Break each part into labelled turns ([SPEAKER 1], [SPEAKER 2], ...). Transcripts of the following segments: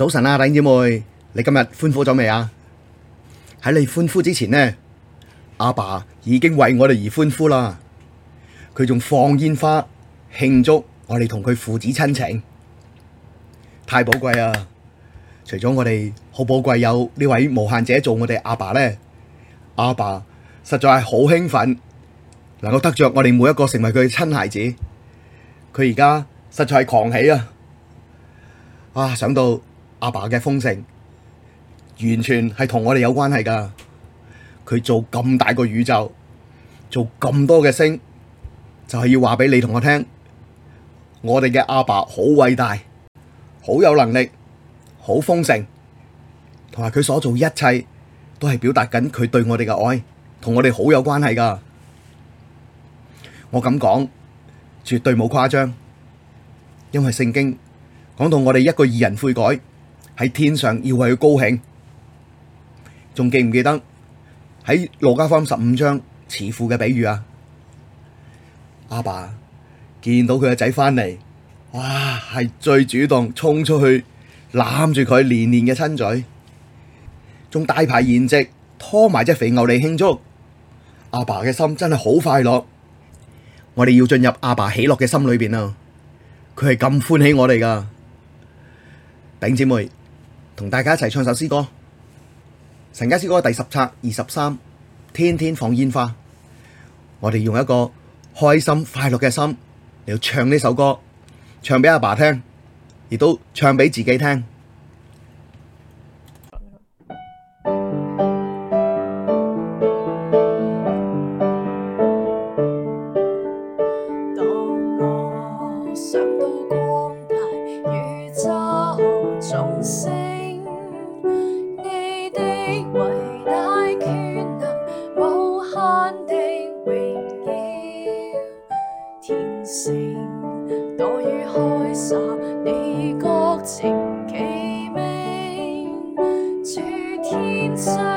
[SPEAKER 1] 早晨啊，大姊妹，你今日歡呼咗未啊？喺你歡呼之前呢，阿爸已經為我哋而歡呼啦。佢仲放煙花慶祝我哋同佢父子親情，太寶貴啊！除咗我哋好寶貴有呢位無限者做我哋阿爸咧，阿爸實在係好興奮，能夠得着我哋每一個成為佢嘅親孩子，佢而家實在係狂喜啊！啊，想到～阿爸嘅豐盛，完全係同我哋有關係噶佢做咁大個宇宙，做咁多嘅星，就係要話俾你同我聽，我哋嘅阿爸好偉大，好有能力，好豐盛，同埋佢所做一切都係表達緊佢對我哋嘅愛，同我哋好有關係噶。我咁講，絕對冇誇張，因為聖經講到我哋一個義人悔改。喺天上要為佢高興，仲記唔記得喺路加福音十五章慈父嘅比喻啊？阿爸見到佢個仔翻嚟，哇係最主動衝出去攬住佢，連連嘅親嘴，仲大排筵席，拖埋隻肥牛嚟慶祝。阿爸嘅心真係好快樂，我哋要進入阿爸喜樂嘅心裏邊啊！佢係咁歡喜我哋噶，頂姐妹。同大家一齊唱首詩歌，《神家詩歌》第十冊二十三，天天放煙花。我哋用一個開心快樂嘅心嚟唱呢首歌，唱畀阿爸爸聽，亦都唱畀自己聽。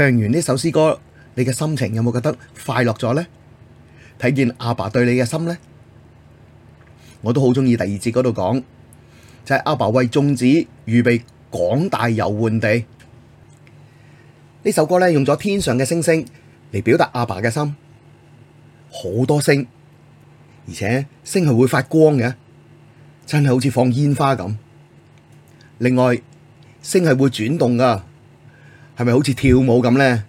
[SPEAKER 1] 唱完呢首詩歌，你嘅心情有冇覺得快樂咗呢？睇見阿爸對你嘅心呢，我都好中意第二節嗰度講，就係阿爸為眾子預備廣大遊玩地。呢首歌咧用咗天上嘅星星嚟表達阿爸嘅心，好多星，而且星係會發光嘅，真係好似放煙花咁。另外，星係會轉動噶。係咪好似跳舞咁呢？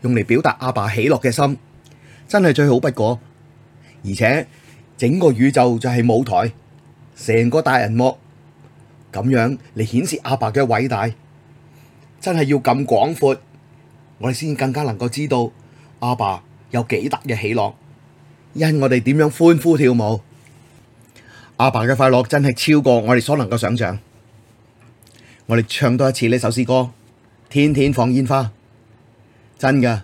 [SPEAKER 1] 用嚟表達阿爸喜樂嘅心，真係最好不過。而且整個宇宙就係舞台，成個大銀幕咁樣嚟顯示阿爸嘅偉大，真係要咁廣闊，我哋先更加能夠知道阿爸有幾大嘅喜樂。因我哋點樣歡呼跳舞，阿爸嘅快樂真係超過我哋所能夠想象。我哋唱多一次呢首詩歌。天天放煙花，真㗎！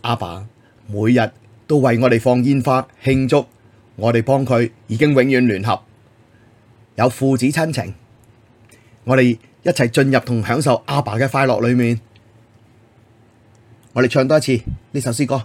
[SPEAKER 1] 阿爸每日都為我哋放煙花慶祝，我哋幫佢已經永遠聯合，有父子親情，我哋一齊進入同享受阿爸嘅快樂裏面。我哋唱多一次呢首詩歌。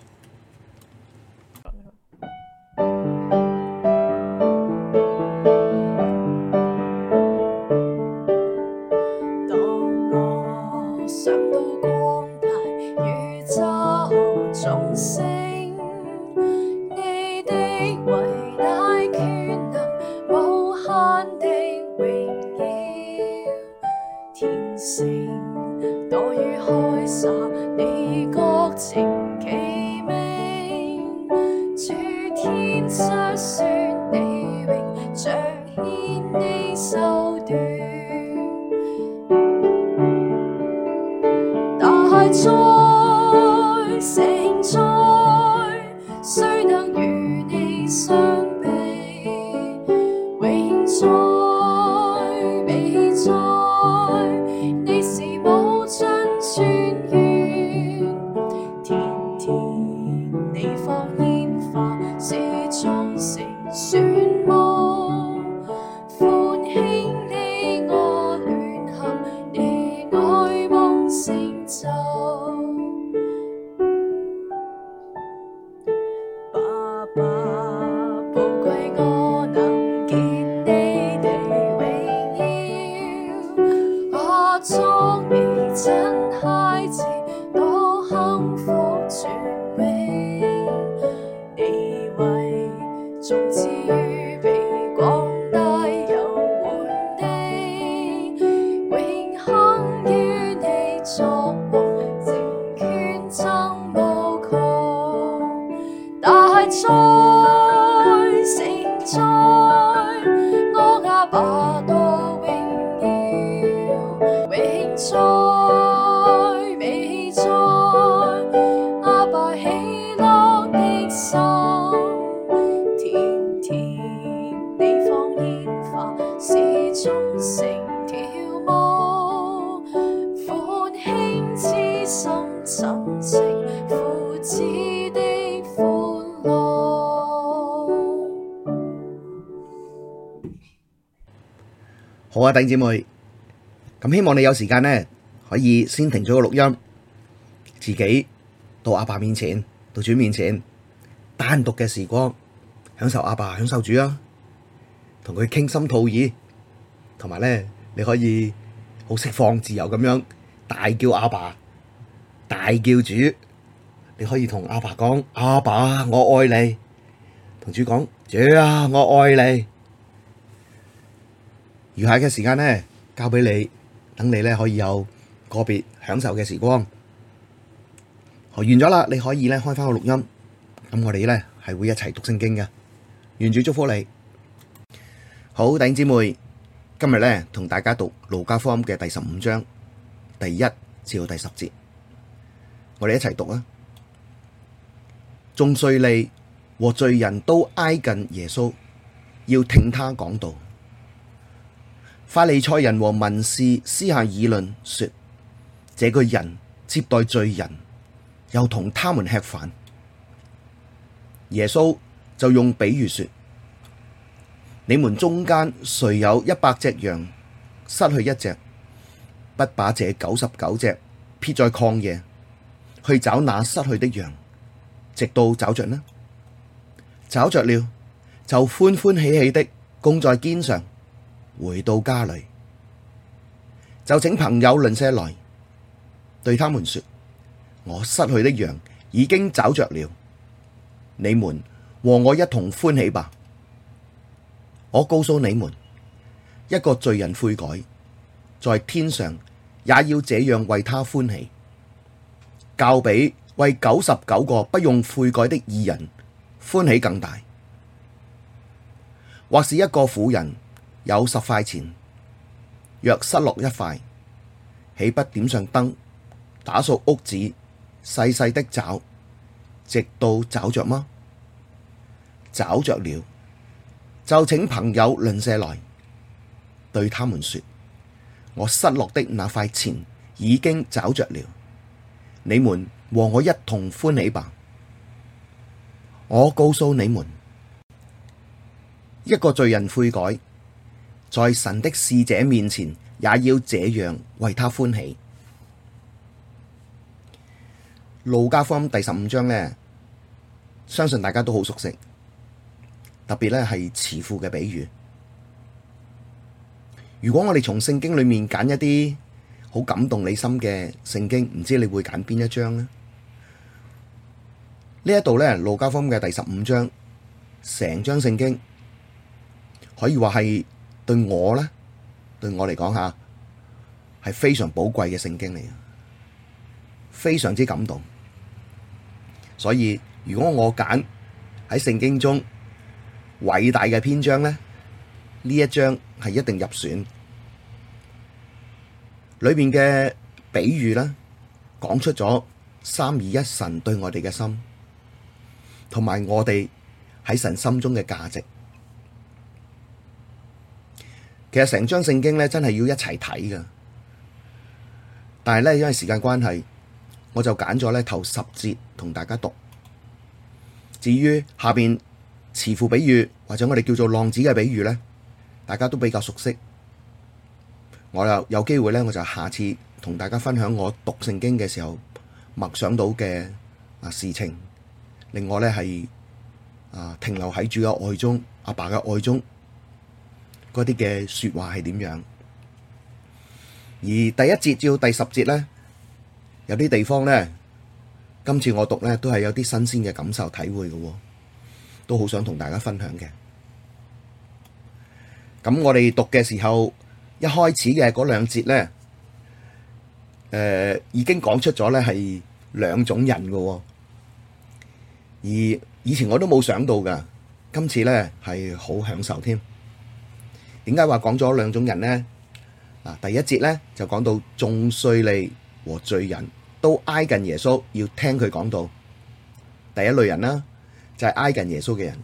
[SPEAKER 1] 好啊，弟兄姊妹，咁希望你有時間呢，可以先停咗個錄音，自己到阿爸面前，到主面前，單獨嘅時光，享受阿爸，享受主啊，同佢傾心吐意，同埋咧，你可以好釋放自由咁樣大叫阿爸，大叫主，你可以同阿爸講阿爸，我愛你，同主講主啊，我愛你。餘下嘅時間呢，交俾你，等你呢可以有個別享受嘅時光。完咗啦，你可以呢開返個錄音，咁我哋呢係會一齊讀聖經嘅。願主祝福你。好，弟兄姊妹，今日呢同大家讀路加福音嘅第十五章第一至到第十節，我哋一齊讀啊！眾稅吏和罪人都挨近耶穌，要聽他講道。法利賽人和文士私下議論說：這個人接待罪人，又同他們吃飯。耶穌就用比喻說：你們中間誰有一百隻羊，失去一隻，不把這九十九隻撇在曠野，去找那失去的羊，直到找着呢？找着了，就歡歡喜喜的扛在肩上。回到家裡，就請朋友鄰舍來，對他們說：我失去的羊已經找着了，你們和我一同歡喜吧。我告訴你們，一個罪人悔改，在天上也要這樣為他歡喜，較比為九十九個不用悔改的義人歡喜更大。或是一個婦人。有十塊錢，若失落一塊，豈不點上燈，打掃屋子，細細的找，直到找着嗎？找着了，就請朋友鄰舍來，對他們說：我失落的那塊錢已經找着了，你們和我一同歡喜吧。我告訴你們，一個罪人悔改。在神的使者面前，也要這樣為他歡喜。路加福音第十五章呢，相信大家都好熟悉，特別咧係慈父嘅比喻。如果我哋從聖經裏面揀一啲好感動你心嘅聖經，唔知你會揀邊一章呢？呢一度呢，路加福音嘅第十五章，成章聖經可以話係。對我呢，對我嚟講吓，係非常寶貴嘅聖經嚟，非常之感動。所以如果我揀喺聖經中偉大嘅篇章呢，呢一章係一定入選。裏面嘅比喻呢，講出咗三二一神對我哋嘅心，同埋我哋喺神心中嘅價值。其實成張聖經咧，真係要一齊睇噶。但係咧，因為時間關係，我就揀咗咧頭十節同大家讀。至於下邊慈父比喻或者我哋叫做浪子嘅比喻咧，大家都比較熟悉。我有有機會咧，我就下次同大家分享我讀聖經嘅時候默想到嘅啊事情。另外咧係啊停留喺主嘅愛中，阿爸嘅愛中。嗰啲嘅說話係點樣？而第一節至到第十節呢，有啲地方呢，今次我讀呢都係有啲新鮮嘅感受體會嘅，都好想同大家分享嘅。咁我哋讀嘅時候，一開始嘅嗰兩節呢，誒，已經講出咗呢係兩種人嘅，而以前我都冇想到㗎，今次呢係好享受添。點解話講咗兩種人呢？啊，第一節咧就講到眾稅吏和罪人，都挨近耶穌，要聽佢講道。第一類人啦，就係、是、挨近耶穌嘅人。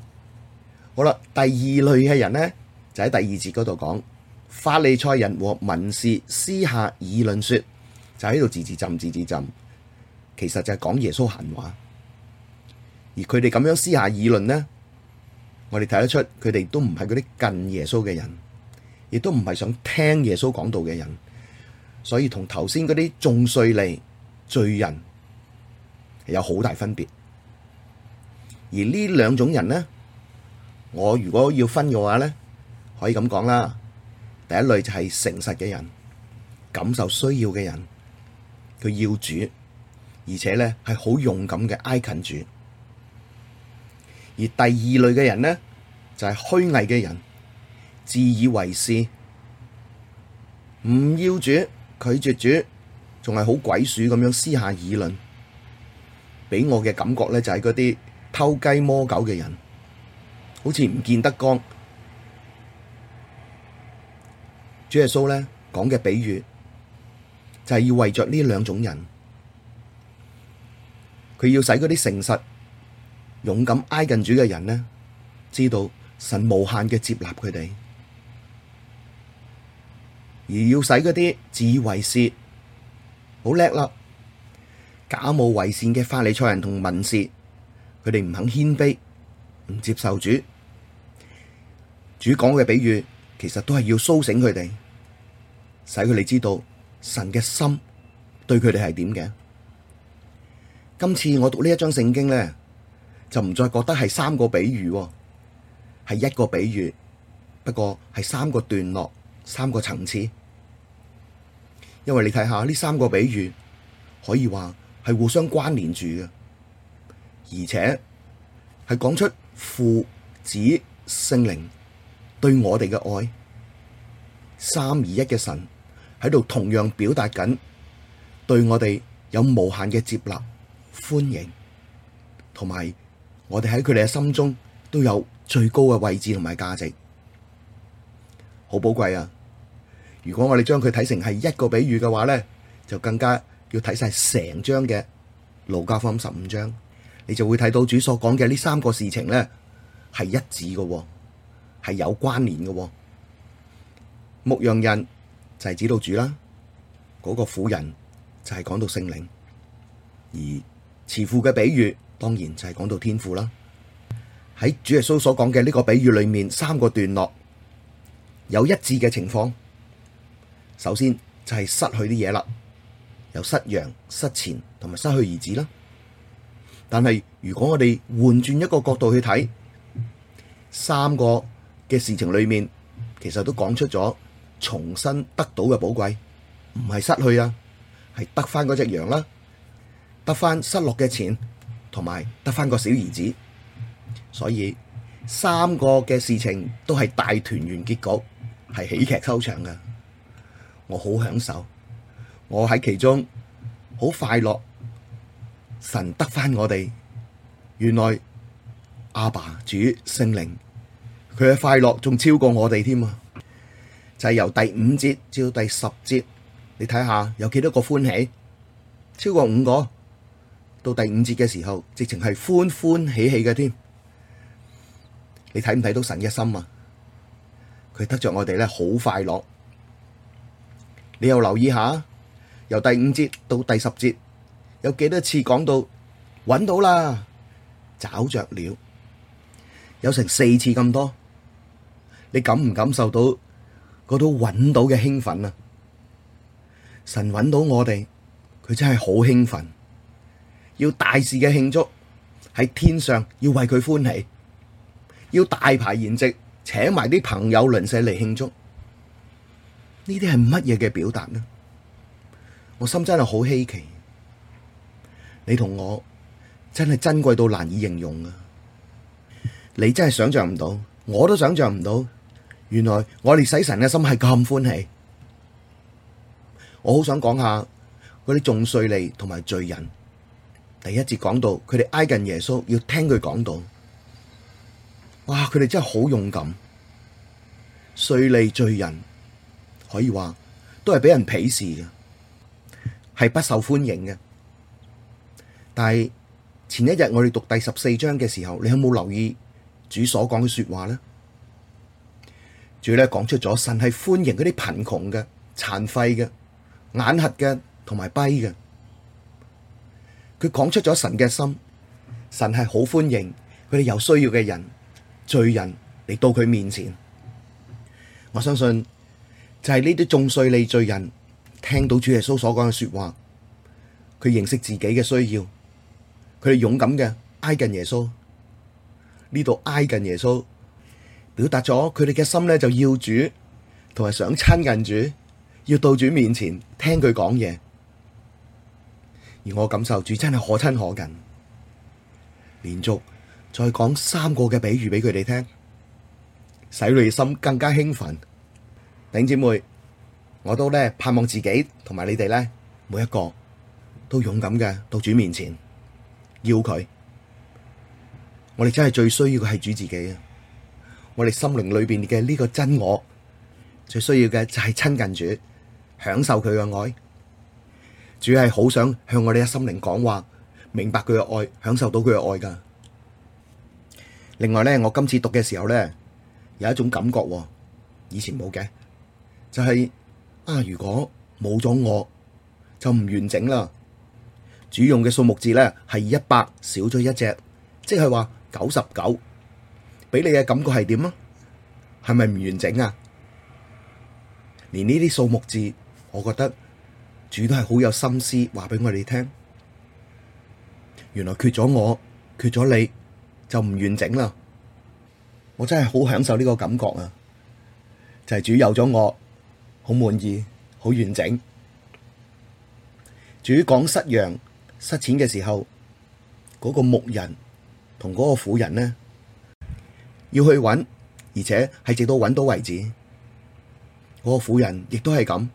[SPEAKER 1] 好啦，第二類嘅人咧，就喺第二節嗰度講，法利賽人和文士私下議論說，就喺度字字浸字，字字浸，其實就係講耶穌閒話。而佢哋咁樣私下議論咧，我哋睇得出佢哋都唔係嗰啲近耶穌嘅人。亦都唔係想聽耶穌講道嘅人，所以同頭先嗰啲眾稅吏罪人有好大分別。而呢兩種人呢，我如果要分嘅話呢，可以咁講啦。第一類就係誠實嘅人，感受需要嘅人，佢要主，而且呢係好勇敢嘅挨近主。而第二類嘅人呢，就係、是、虛偽嘅人。自以為是，唔要主，拒絕主，仲係好鬼鼠咁樣私下議論，畀我嘅感覺咧就係嗰啲偷雞摸狗嘅人，好似唔見得光。主耶穌咧講嘅比喻，就係、是、要為着呢兩種人，佢要使嗰啲誠實、勇敢挨近主嘅人咧，知道神無限嘅接納佢哋。而要使嗰啲自以為是、好叻啦，假冒為善嘅法利賽人同文士，佢哋唔肯謙卑，唔接受主。主講嘅比喻，其實都係要甦醒佢哋，使佢哋知道神嘅心對佢哋係點嘅。今次我讀呢一章聖經咧，就唔再覺得係三個比喻，係一個比喻，不過係三個段落，三個層次。因為你睇下呢三個比喻，可以話係互相關聯住嘅，而且係講出父子聖靈對我哋嘅愛，三而一嘅神喺度同樣表達緊對我哋有無限嘅接納、歡迎，同埋我哋喺佢哋嘅心中都有最高嘅位置同埋價值，好寶貴啊！如果我哋將佢睇成係一個比喻嘅話咧，就更加要睇晒成章嘅《路加福音》十五章，你就會睇到主所講嘅呢三個事情咧係一致嘅，係有關聯嘅。牧羊人就係指到主啦，嗰、嗰個婦人就係講到聖靈，而慈父嘅比喻當然就係講到天父啦。喺主耶穌所講嘅呢個比喻裏面，三個段落有一致嘅情況。首先就係失去啲嘢啦，有失羊、失錢同埋失去兒子啦。但係如果我哋換轉一個角度去睇，三個嘅事情裏面，其實都講出咗重新得到嘅寶貴，唔係失去啊，係得返嗰隻羊啦，得返失落嘅錢同埋得返個小兒子。所以三個嘅事情都係大團圓結局，係喜劇收場㗎。我好享受，我喺其中好快樂，神得翻我哋，原來阿爸主聖靈佢嘅快樂仲超過我哋添啊！就係由第五節至到第十節，你睇下有幾多個歡喜，超過五個，到第五節嘅時候，直情係歡歡喜喜嘅添。你睇唔睇到神嘅心啊？佢得着我哋咧，好快樂。你又留意下，由第五節到第十節，有幾多次講到揾到啦、找着了，有成四次咁多。你感唔感受到嗰種揾到嘅興奮啊？神揾到我哋，佢真係好興奮，要大事嘅慶祝，喺天上要為佢歡喜，要大排筵席，請埋啲朋友鄰舍嚟慶祝。呢啲係乜嘢嘅表達呢？我心真係好稀奇，你同我真係珍貴到難以形容啊！你真係想象唔到，我都想象唔到，原來我哋使神嘅心係咁歡喜。我好想講下嗰啲眾稅吏同埋罪人，第一節講到佢哋挨近耶穌，要聽佢講道：「哇！佢哋真係好勇敢，稅吏罪人。可以話都係俾人鄙視嘅，係不受歡迎嘅。但係前一日我哋讀第十四章嘅時候，你有冇留意主所講嘅說話呢？主要咧講出咗神係歡迎嗰啲貧窮嘅、殘廢嘅、眼瞎嘅同埋跛嘅。佢講出咗神嘅心，神係好歡迎佢哋有需要嘅人、罪人嚟到佢面前。我相信。就係呢啲眾稅吏罪人聽到主耶穌所講嘅說話，佢認識自己嘅需要，佢哋勇敢嘅挨近耶穌，呢度挨近耶穌，表達咗佢哋嘅心呢就要主，同埋想親近主，要到主面前聽佢講嘢。而我感受住，真係可親可近，連續再講三個嘅比喻俾佢哋聽，使內心更加興奮。弟姐妹，我都咧盼望自己同埋你哋咧，每一個都勇敢嘅，到主面前，要佢。我哋真係最需要嘅係主自己啊！我哋心靈裏邊嘅呢個真我，最需要嘅就係親近主，享受佢嘅愛。主要係好想向我哋嘅心靈講話，明白佢嘅愛，享受到佢嘅愛噶。另外咧，我今次讀嘅時候咧，有一種感覺，以前冇嘅。就係啊，如果冇咗我，就唔完整啦。主用嘅數目字咧係一百少咗一隻，即係話九十九，俾你嘅感覺係點啊？係咪唔完整啊？連呢啲數目字，我覺得主都係好有心思話俾我哋聽。原來缺咗我，缺咗你，就唔完整啦。我真係好享受呢個感覺啊！就係主有咗我。好滿意，好完整。至於講失羊失錢嘅時候，嗰、那個牧人同嗰個婦人呢，要去揾，而且係直到揾到為止。嗰、那個婦人亦都係咁，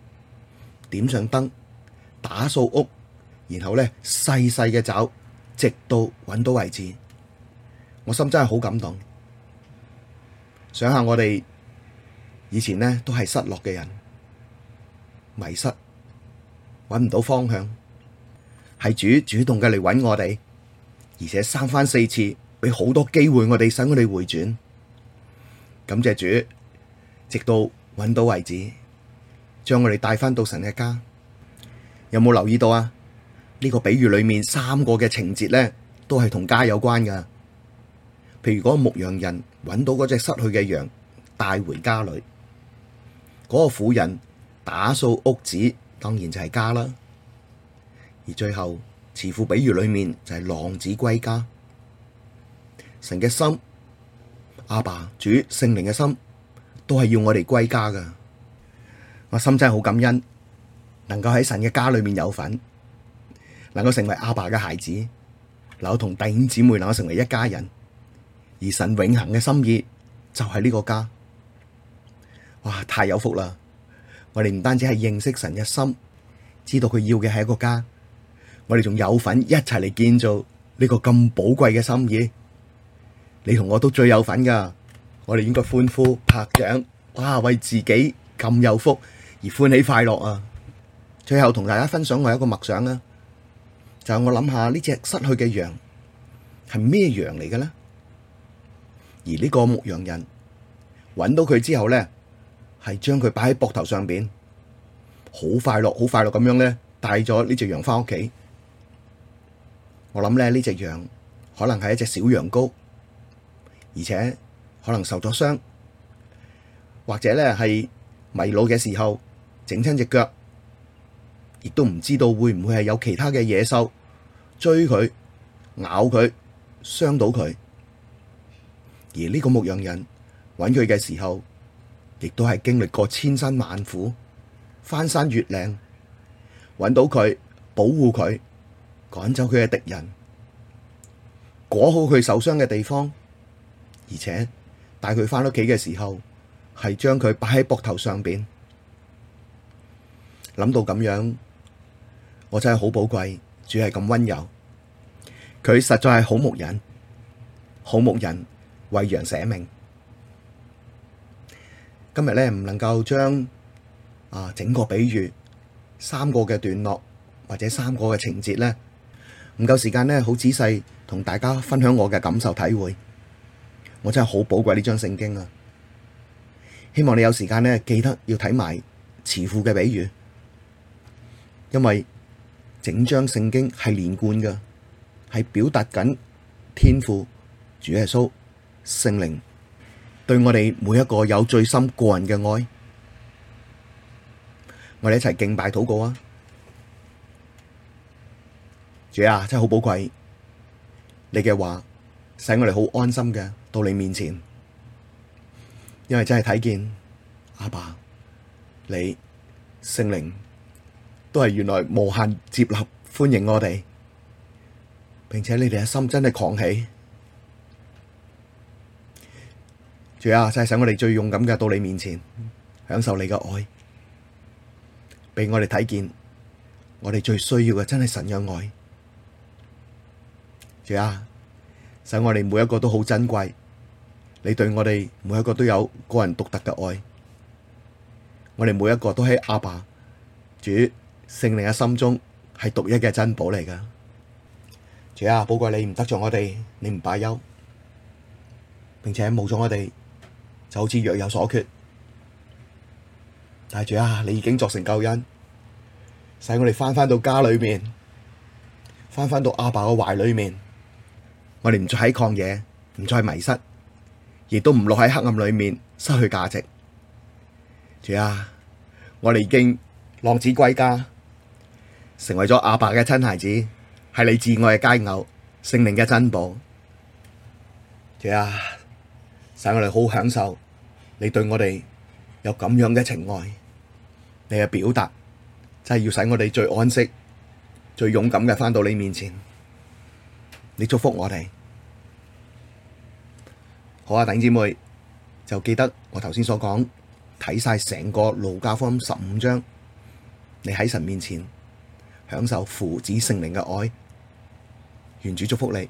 [SPEAKER 1] 點上燈，打掃屋，然後呢，細細嘅找，直到揾到為止。我心真係好感動。想下我哋以前呢，都係失落嘅人。迷失，揾唔到方向，係主主動嘅嚟揾我哋，而且三番四次俾好多機會我哋，使我哋回轉。感謝主，直到揾到為止，將我哋帶翻到神嘅家。有冇留意到啊？呢個比喻裏面三個嘅情節呢，都係同家有關噶。譬如嗰牧羊人揾到嗰隻失去嘅羊，帶回家裏，嗰個婦人，打掃屋子，當然就係家啦。而最後，慈父比喻裏面就係浪子歸家。神嘅心，阿爸、主、聖靈嘅心，都係要我哋歸家噶。我心真係好感恩，能夠喺神嘅家裏面有份，能夠成為阿爸嘅孩子，能夠同弟兄姊妹能夠成為一家人。而神永恆嘅心意就係呢個家。哇，太有福啦！我哋唔單止係認識神嘅心，知道佢要嘅係一個家，我哋仲有份一齊嚟建造呢個咁寶貴嘅心意。你同我都最有份噶，我哋應該歡呼拍掌，哇！為自己咁有福而歡喜快樂啊！最後同大家分享我一個默想啦，啊，就係，我諗下呢隻失去嘅羊係咩羊嚟嘅咧？而呢個牧羊人揾到佢之後咧？係將佢擺喺膊頭上邊，好快樂，好快樂咁樣咧，帶咗呢隻羊翻屋企。我諗咧，呢隻羊可能係一隻小羊羔，而且可能受咗傷，或者咧係迷路嘅時候整親隻腳，亦都唔知道會唔會係有其他嘅野獸追佢、咬佢、傷到佢。而呢個牧羊人揾佢嘅時候。亦都係經歷過千辛萬苦，翻山越嶺，揾到佢，保護佢，趕走佢嘅敵人，裹好佢受傷嘅地方，而且帶佢返屋企嘅時候，係將佢擺喺膊頭上邊。諗到咁樣，我真係好寶貴，主係咁溫柔，佢實在係好牧人，好牧人為羊捨命。今日咧，唔能夠將啊，整個比喻，三個嘅段落或者三個嘅情節，咧，唔夠時間咧，好仔細同大家分享我嘅感受體會，我真係好寶貴呢張聖經啊！希望你有時間咧，記得要睇埋慈父嘅比喻，因為整張聖經係連貫嘅，係表達緊天父主耶穌聖靈。對我哋每一個有最深個人嘅愛，我哋一齊敬拜禱告啊！主啊，真係好寶貴，你嘅話使我哋好安心嘅到你面前，因為真係睇見阿爸，你聖靈都係原來無限接納歡迎我哋，並且你哋嘅心真係狂喜。主啊，使、就、上、是、我哋最勇敢嘅到你面前，享受你嘅愛，俾我哋睇見我哋最需要嘅真係神嘅愛。主啊，使我哋每一個都好珍貴，你對我哋每一個都有個人獨特嘅愛。我哋每一個都喺阿爸、主、聖靈嘅心中係獨一嘅珍寶嚟㗎。主啊，寶貴你唔得罪我哋，你唔擺休。並且冇咗我哋。就好似若有所缺，但係主啊，你已經作成救恩，使我哋翻返到家裏面，翻返到阿爸嘅懷裏面，我哋唔再喺曠野，唔再迷失，亦都唔落喺黑暗裏面失去價值。主啊，我哋已經浪子歸家，成為咗阿爸嘅親孩子，係你至愛嘅佳偶，聖靈嘅珍寶。主啊！使我哋好，好享受，你對我哋有咁樣嘅情愛，你嘅表達真係要使我哋最安息、最勇敢嘅返到你面前。你祝福我哋，好啊，弟兄姊妹就記得我頭先所講，睇晒成個路加福音十五章，你喺神面前享受父子聖靈嘅愛，願主祝福你。